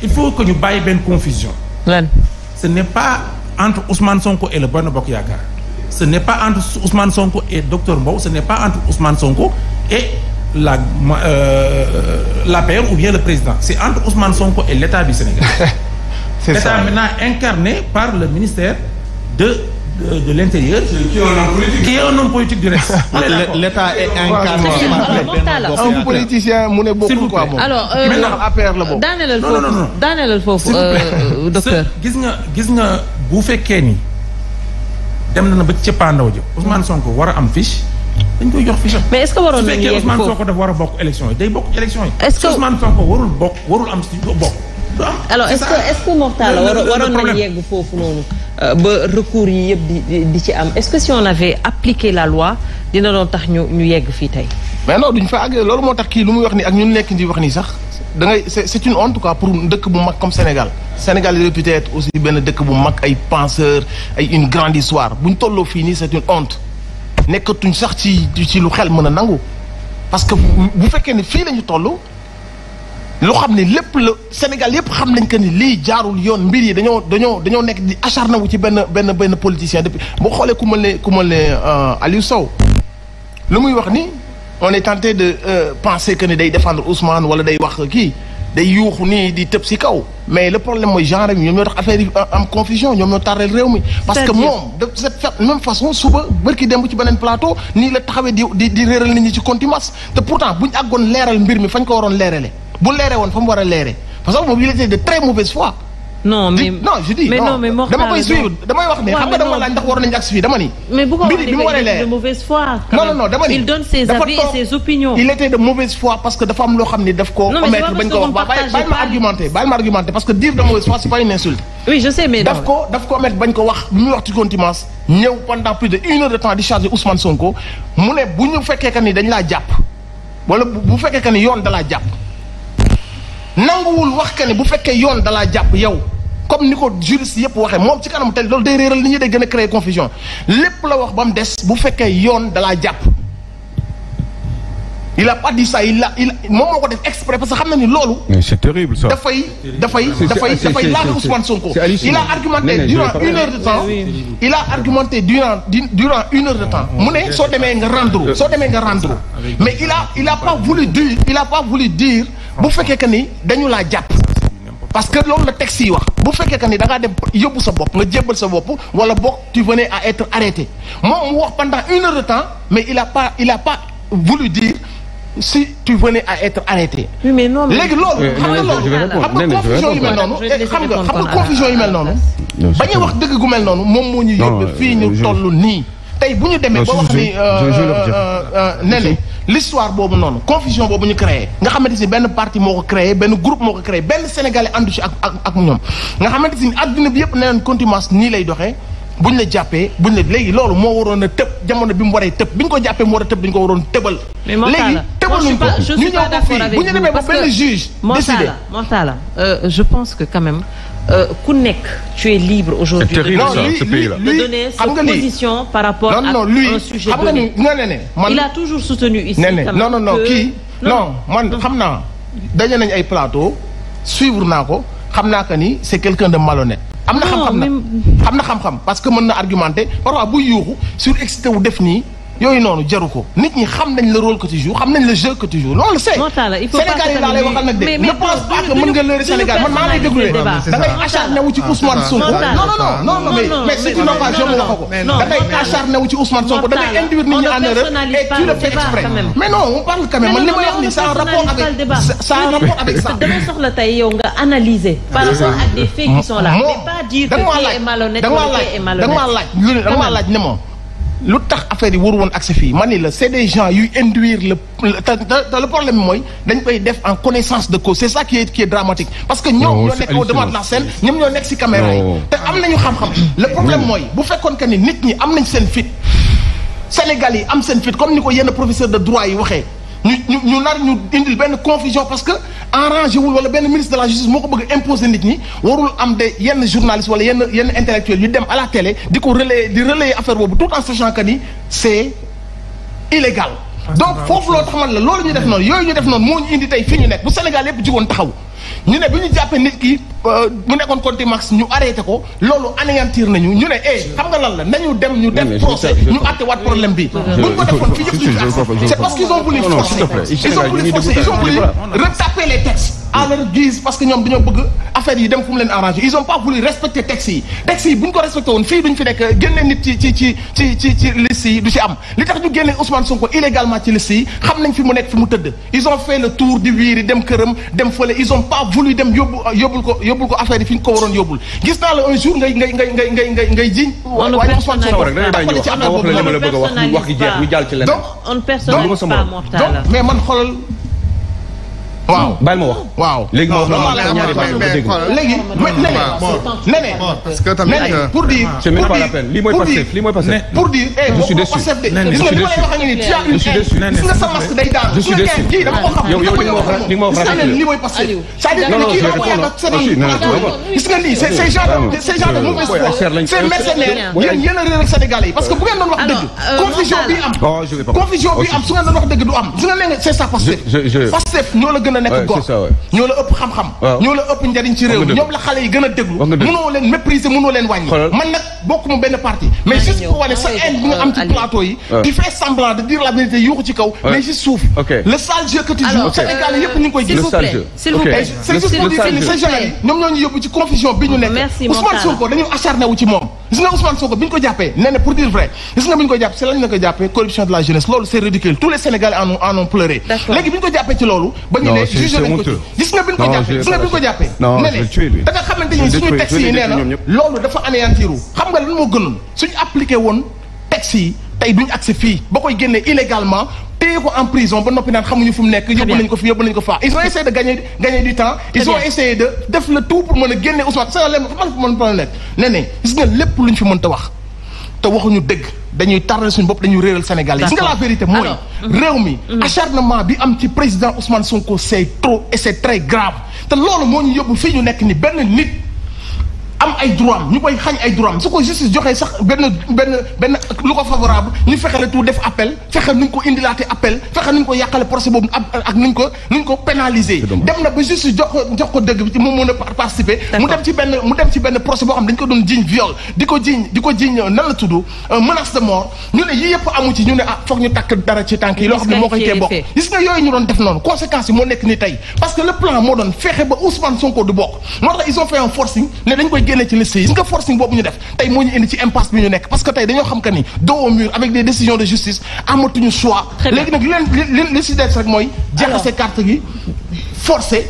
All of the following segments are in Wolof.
il faut que ñu bàyyi benn confusion. lan ce n'est pas entre Ousmane Sonko et le Benno Bokk Yaakaar. ce n'est pas entre Ousmane Sonko et docteur Mbow ce n'est pas entre Ousmane Sonko et la euh, l'APR ou bien le président c'est entre Ousmane Sonko et l'État du Sénégal. c'est ça incarné par le ministère de. de, de l'intérieur. Qui est un politique. du reste. L'État est incarné par un politicien mu ne bokkul quoi moom. alors euh, maintenant affaire la bokk. daaneelal foofu daaneelal foofu euh, euh, gis nga gis nga bu fekkee ni dem na ba cëppaandaw ji Ousmane Sonko war a am fiche. dañ koy jox fiche mais est-ce que waroon nañu yegg yi day bokk élection yi. est-ce que warul bokk warul am si bokk. Ah, alors est-ce que est waroon nañ yegg foofu noonu euh, ba recours yi yëpp di ci am est-ce que si on avait appliqué la loi dina doon tax ñu ñu yegg fii tey mais no duñ fa àgg loolu moo tax kii lu muy wax nii ak ñun nekk di wax nii sax da ngay c'est une honte quoi pour dëkk bu mag comme Sénégal Sénégal est réputé être aussi benn dëkk bu mag ay penseur ay une grande histoire buñ tolloo fii nii c'est une honte nekkatuñ sax ci ci lu xel mën a nangu parce que bu fekkee ne fii lañu toll loo xam ne lépp la Sénégal yépp xam nañ que ni lii jaarul yoon mbir yi dañoo dañoo dañoo nekk di acharné wu ci benn benn benn politicien depuis boo xoolee ku mel ne ku mel ne euh, Sow lu muy wax ni on est tenté de euh, penser que ni day défendre Ousmane wala day wax kii day yuuxu nii di tëb si kaw mais le problème mooy genre yi ñoom ñoo tax affaire yi am confusion ñoom ñoo tardé réew mi. parce que moom de cette même façon suba bërki demb ci beneen plateau nii la taxawee di di di réeral nit ñi ci contumace te pourtant buñ àggoon leeral mbir mi fañ ko waroon leerale bu leeree woon fa mu war a leeree parce que moom il a de très mauvaise foi. non mais non je dis mais non, dama koy suivre damay wax ne xam nga dama laaj ndax war nañu dama ni. mais bu il était de mauvaise foi parce que dafa am loo xam ni daf ko omettre bañ ko wax bàyyi ma argumenté bàyyi ma argumenté parce que dire de mauvaise foi c'est pas une insulte. daf ko daf ko omettre bañ ko wax bi muy wax ci contumace. ñëw pendant plus de une heure de temps nanguwul wax que ne bu fekkee yoon dalaa jàpp yow comme ni ko juriste yëpp waxee moom ci kanam te loolu de réeral nit ñi day gën a créer confusion lépp la wax ba mu des bu fekkee yoon dalaa jàpp. il a pas dit ça il a il moom moo ko def exprès parce que xam na ni loolu. c'est terrible ça dafay dafay dafay dafay laal Ousmane Sonko. il a argumenté durant une heure de temps. il a argumenté durant une heure de temps. mu ah, ne ah. soo demee nga rendre soo demee nga rendre ah, mais il a bu fekkee que ni dañu laa jàpp parce que loolu la texte yi wax bu fekkee que ni dangaa dem yóbbu sa bopp nga jébbal sa bopp wala boog tu venais à être arrêté moom mu wax pendant une heure de temps mais il a pas il a pas voulu dire si tu venais à être arrêté. oui mais non mais léegi loolu. Euh, xam nga xam nga confusion yu mel noonu. Eh, xam nga xam nga confusion yu mel noonu. ba ñuy wax dëgg gu mel noonu moom moo ñu yóbbu euh, fii ñu toll nii. tey bu ñu demee ba wax ni. je l'histoire boobu noonu confusion boobu ñu créé nga xamante si benn parti moo ko créé benn groupe moo ko créé benn sénégalais àndu ak ak ñoom nga xamante si adduna bi yëpp neneen contumace nii lay doxee ñu la jàppee buñ la léegi loolu moo waroon a tëb jamono bi mu waree tëb bi ñu ko jàppee mu war a tëb bi ñu ko waroon tëbal léegi tëbaluñ ko ñu ñëw ko fii bu ñu demee ba benn juge décidé euh, je pense que quand Euh, ku nekk tu es libre aujourd'hui de donner sa position par rapport à un sujet donné il a toujours soutenu ici non non non kii non man xam naa daje nañ ay plateau suivre naa ko xam naa que ni c'est quelqu'un de malhonnête am na xam-xam na am na xam-xam parce que mën na argumenter parfois buy yuuxu sur excité wu def nii yooyu noonu jaru ko nit ñi xam nañ le rôle que tu joues xam nañ le jeu que tu joues loolu c'est Sénégal yi laa lay waxal nag de ne pense pas que mën nga leurrer Sénégal man maa lay déglu da ngay acharné wu ci Ousmane Sonko non non non non mais mais si tu n'as pas je me wax ko da ngay acharné wu ci Ousmane Sonko da ngay induire nit ñi en erreur et tu le fais exprès mais non on parle quand même man li may wax ni ça rapport avec ça rapport avec ça damay soxla tey yow nga analyser par rapport ak des faits qui sont là mais pas dire que qui est malhonnête qui est malhonnête da nga maa laaj da nga maa laaj ne moom lu tax affaire yi wër woon accès fii man ni la c'est des gens yuy induire le te le problème mooy dañ koy def en connaissance de cause c'est ça qui est dramatique parce que ñoom ñoo nekk au la scène ñoom ñoo nekk ci caméra yi te am nañu xam-xam le problème mooy bu fekkoon que ni nit ñi am nañ seen fit Sénégal yi am seen fit comme ni ko yenn professeur de droit yi waxee ñu ñu ñu nar ñu indil benn confusion parce que arrangé wul wala benn ministre de la justice moo ko bëgg a nit ñi warul am de yenn journaliste wala yenn yenn intellectuel yu dem a la télé di ko relayer di relayer affaire boobu tout en sachant que ni c'est illégal ah, donc ah, foofu loo taxamal ah. la loolu ñu def noonu yooyu ñu def noonu moo ñu indi tey fii ñu nekk bu Sénégal yépp jugoon taxaw ñu ne bi ñu jàppee nit ki euh, mu nekkoon contumace ñu arrêté ko loolu anéantir nañu ñu ne eh xam nga lan la nañu dem ñu def procès ñu àtte waat problème bi. buñ ko defoon fii yëpp c'est parce qu'ils ont voulu forcer ils ont voulu parce que ñoom dañoo bëgg affaire yi dem fu mu leen arrangé ils ont pas voulu respecter texte yi texte yi bu ñu ko respecté woon fii duñ fi nekk génne nit ci ci ci ci yi du ci am li tax ñu génne Ousmane Sonko illégalement ci liste yi xam pas voulu dem yóbbu euh, yóbbul ko yóbbul ko affaire yi fi ñu ko waroon yóbbul gis naa la un jour ngay ngay ngay ngay ngay ngay ngay jiñ waaye Ousmane Sonko rek dañuy wax wax la li ma la bëgg a wax wax ji jeex ñu jàll ci leneen donc donc mais man xoolal waaw bàyyi ma wax. waaw léegi ma wax la ma ñaari baat nga dégg. léegi nene parce que tamit euh, pour dire. Ah. c'est même pas la peine lii mooy Pastef lii mooy Pastef. pour dire eh boo ko Pastef de. gis nga li ma lay wax nii tu as une haine gis nga sa masque day daal. je suis déçu kii dama ko xam. yow yow li nga wax li nga wax rafetlu la lii mooy Pastef. c'est-à-dire que kii da ko yàgg ak Sénégal gis nga lii c'est genre de c'est genre de mauvaise foi c'est mercenaire yéen yéen a réer ak Sénégalais yi parce que bu ngeen doon wax dëgg. Euh, confusion bi am. confusion bi am su ngeen doon wax dëgg du am. gis nga léegi c'est ça Pastef Pastef ñoo la gën gën a nekk góor ñoo la ëpp xam-xam ñoo la ëpp njariñ ci réew ñoom la xale yi gën a déglu mënoo leen mépriser mënoo leen wàññi man nag bokkuma benn parti mais juste pour wane sa haine bi nga am ci plateau yi di faire semblant de dire la vérité yuuxu ci kaw mais ci suuf le sale jeu que tu joues Sénégal yëpp ñu ngi koy gis s'il vous plaît c'est juste pour dire que ni ces gens yi ñoom ñoo ñu yóbbu ci confusion bi ñu nekk Ousmane Sonko dañu acharné wu ci moom gis nga Ousmane Sonko bi ñu ko jàppee nee na pour dire vrai gis nga bi ñu ko jàppee c'est lan la ko jàppee corruption de la jeunesse loolu c'est ridicule tous les Sénégalais en ont en ont pleuré léegi bi ñu ko jàppee ci loolu ba ñu ne mais jugé nañ ko ci gis nga bi ñu ko jàppee gis nga bi ñu ko jàppee ne da nga xamante ni suñu texte yi xam nga moo gënoon suñu appliqué woon texte yi tey duñu accès fii ba koy génnee illégalement téye en prison ba noppi naan xamuñu fu mu nekk yóbbu nañ ko ko faa ils ont essayé de gagner du temps ils ont essayé de def le tout pour mën a génne Ousmane sa leen fa man fa mën problème nekk ne ne gis nga lépp luñ fi mën ta wax te waxuñu dëgg dañuy tardal suñu bopp dañuy réeral Sénégal yi. nga la vérité mooy. réew mi acharnement bi am ci président Ousmane Sonko c'est trop et c'est très grave te loolu moo ñu yóbbu fii ñu nekk ni benn nit. am ay droit am ñu koy xañ ay droit am su ko justice joxee ko favorable ñu fexe la appel fexe nu ko indilaate appel fexe nu ko yàqale procès boobu ak nu ko nu dem na ba justice jox ko jox ko dëgg bi ci mu mën a participer. mu dem ci benn mu dem ci benn boo xam dañ ko doon jiiñ viol di ko jiiñ di ko jiiñ euh, nan la tudd euh, menace de ñu ne yii yëpp amu ci ñu ne ah foog ñu takk dara ci tànk loo xam ne moo koy tee bokk gis nga yooyu ñu doon def noonu conséquences moo nekk ni tey parce que le plan moo doon fexe ba génnee ci liste yi nga forcing boobu ñu def tey moo ñu indi ci impasse bi ñu nekk parce que tey dañoo xam que ni dos au mur avec des décisions de justice amatuñu choix. léegi nag li leen li li si des rek mooy. jeexase carte gi forcé.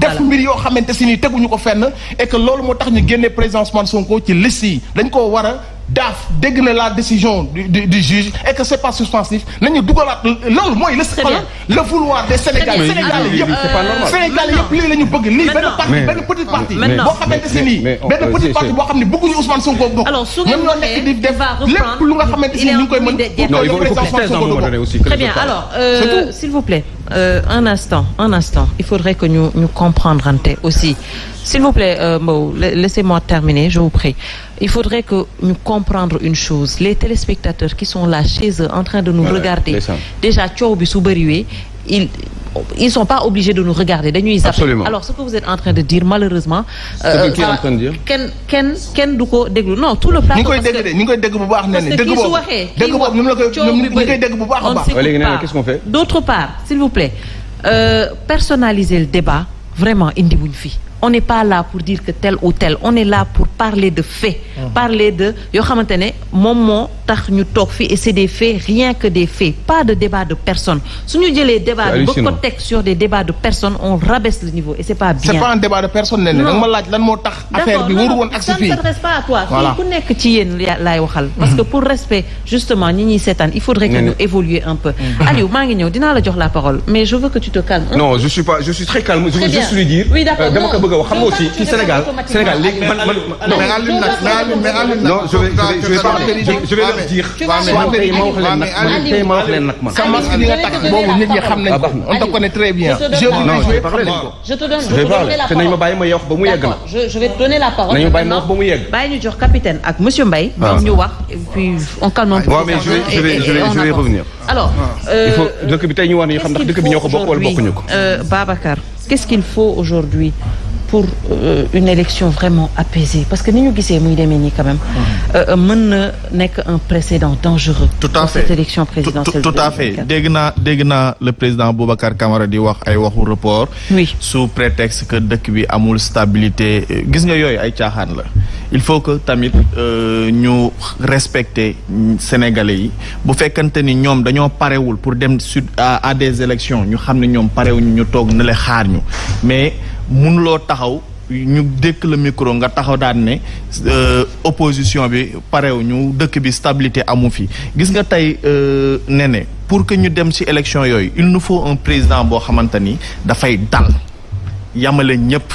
def mbir yoo xamante si ni teguñu ko fenn et loolu moo tax ñu génnee président Ousmane Sonko ci liste yi dañ koo war a daaf dégg na la décision du, du, du juge et c'est pas substantif nañu dugalaat loolu mooy le xoolal le vouloir des Sénégalais Sénégalais yëpp euh, Sénégalais yëpp lii la ñu bëgg lii benn parti petite parti boo xamante si nii benn euh, petite parti boo xam ne bëgguñu Ousmane Sonko bokk ñoom ñoo nekk di def lépp lu nga xamante si ni ñu ngi koy très bien alors euh, s'il vous plaît Euh, un instant un instant il faudrait que ñu ñu comprendre ante aussi s'il vous plaît euh, Mbow laissez-moi terminer je vous prie il faudrait que ñu comprendre une chose les téléspectateurs qui sont là chez eux en train de nous voilà, regarder déjà coow bi su bëriwee il ils sont pas obligés de nous regarder dañuy zapper alors ce que vous êtes en train de dire malheureusement euh, euh, kenn kenn kenn du ko déglu non tout le plateau ni koy dégg de ni koy dégg bu baax nee na dégg boobu dégg boobu ni mu la koy ni koy dégg bu baax a baax léegi nee na qu'est-ce qu'on fait d'autre part s'il vous plaît euh, personnaliser le débat vraiment indi wuñ fi on n'est pas là pour dire que tel ou tel on est là pour parler de faits. Mhm. parler de yoo xamante ne moom moo tax ñu toog fii et c'est des faits rien que des faits pas de débat de personne su ñu jëlee débat bi ba ko teg sur des débats de personne on rabaisse le niveau et c'est pas bien. c'est un débat de personne ne da nga ma laaj lan moo tax. affaire pas à toi. voilà ku que mhm. pour respect justement ñi ñuy seetaan il faudrait que ñu évoluer un peu. Mhm. Aliou maa ngi ñëw dinaa la parole mais je veux que tu te calme. bëgg a wax xam nga aussi ci Sénégal Sénégal léegi man man non. mais Alioune nag mais Alioune mais Alioune nag. non je vais je vais je vais ah, leur dire. waaw ah, mais ma wax leen nag man tey ma wax leen nag man. sa masque bi nga takk boobu nit ñi xam nañ ah, ko. on te connaît très bien. non je vais parler je te donne je vais parler te nañ ma bàyyi ma wax ba mu yegg la. je je vais donner la parole. nañ ma bàyyi ma wax ba mu yegg. bàyyi ñu jox capitaine ak monsieur Mbaye. waaw ñu wax et puis on calme un peu. waaw mais je vais je vais je vais je vais revenir. alors. Euh, il faut dëkk bi tey ñu war nañu xam ndax dëkk bi ñoo ko bokk wala bokkuñu ko. Euh, Babacar qu'est-ce qu'il faut aujourd'hui pour euh, une élection vraiment apaisée parce que ni ñu gisee muy demee nii quand mhm. euh, mën na nekk un précédent dangereux. tout à fait pour cette élection présidentielle à fait dégg naa dégg naa le président Boubacar Camara di wax ay waxu report. oui sous prétexte que dëkk bi amul stabilité gis nga yooyu ay caaxaan la. il faut que tamit euh, ñu respecter Sénégalais yi bu fekkante ni ñoom dañoo parewul pour dem sud à des élections ñu xam ne ñoom parewuñu ñu toog na xaar ñu mais. mënuloo taxaw ñu dëkk la micro nga taxaw daan ne euh, opposition bi parewu ñu dëkk bi stabilité amu fi gis nga tey ne euh, ne pour que ñu dem ci élection yooyu il nous faut un président boo xamante ni dafay dal yamale ñëpp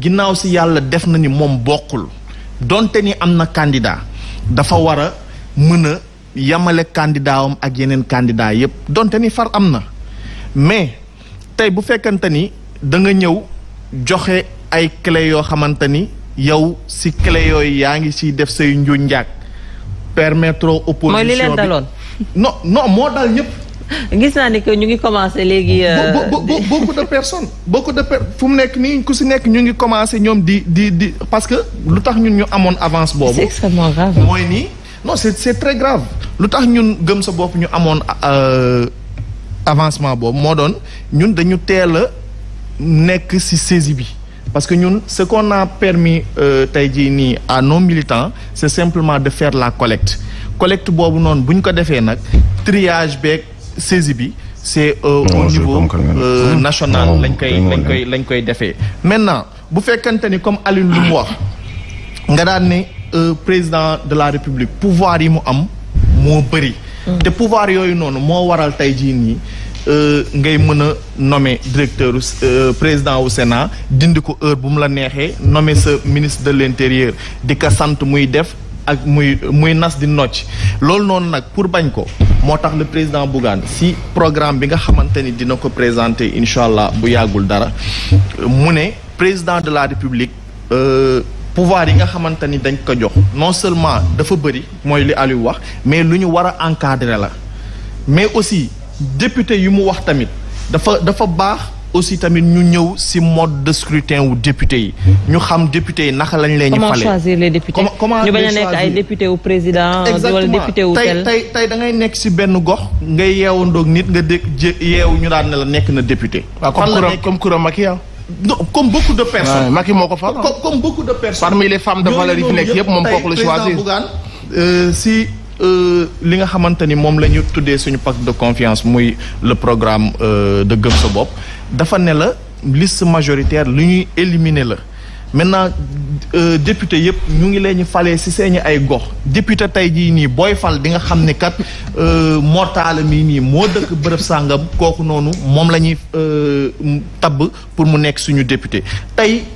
ginnaaw si yàlla def na ni moom bokkul donte ni am na candidat dafa war a mën a yamale candidat ak yeneen candidat yëpp donte ni far am na mais tey bu fekkante ni da nga ñëw. joxe ay clé yoo xamante ni yow si clé yooyu yaa ngi siy def say njuñ njaag permettre opposition mooy li leen daloon moo dal ñëpp. gis naa ni que ñu ngi commencé léegi. Euh, beaucoup de personnes beaucoup fu mu nekk nii ku si nekk ñu ngi commencé ñoom di di di parce que lu tax ñun ñu amoon avance boobu. c'est mooy nii non c'est c'est très grave. lu tax ñun gëm sa bopp ñu amoon euh, avancement boobu moo doon ñun dañu teel a nekk ci saisie bi parce que ñun ce qu'on a permis euh, tey jii nii à non militants c'est simplement de faire la collecte collecte boobu noonu bu ñu ko defee nag triage beeg saisie bi c'est euh, au niveau euh, lañ koy lañ koy koy defee maintenant bu fekkante ni comme Alioune lu mu wax nga daan ne euh, président de la République pouvoir yi mu am moo bëri mm. te pouvoir yooyu noonu moo waral tey jii nii Euh, ngay mën a nommer directeur euh, président wu Sénat dindi ko heure bu mu la neexee nommer sa ministre de l'intérieur di ko sant muy def ak muy muy nas di nocc loolu noonu nag pour bañ ko moo tax le président Bougane si programme bi nga xamante ni dina ko présenter incha allah bu yàggul dara mu ne président de la république euh, pouvoir yi nga xamante ni dañ ko jox non seulement dafa bëri mooy li Aliou wax mais lu ñu war a encadrer la mais aussi député yu mu wax tamit dafa dafa baax aussi tamit ñu ñëw si mode de scrutin wu député yi. ñu xam député yi naka lañ leen ñu. fale comment choisir les députés comment ñu a nekk ay député wu président. wala député wu tel tey tey ngay nekk si benn gox. ngay yeewandoog nit nga dégg yeewu ñu daan ne la nekk na député. waaw comme kuréel comme kuréel ah. non comme beaucoup de personnes. Macky moo ko fa ah. comme beaucoup de personnes. parmi les femmes de valeur yi fi nekk yëpp moom kooku la choisir. Euh, si. Euh, li nga xamante ni moom la ñu tuddee suñu pacte de confiance muy le programme euh, de gëm sa bopp dafa ne la liste majoritaire lu ñuy éliminer la maintenant euh, député yëpp ñu ngi leen ñu falee ci seeni ay gox député tey jii nii booy fal di nga xam ni kat mortaala mii nii moo dëkk bërëb sàngam kooku noonu moom la ñuy tabb pour mu nekk suñu député tey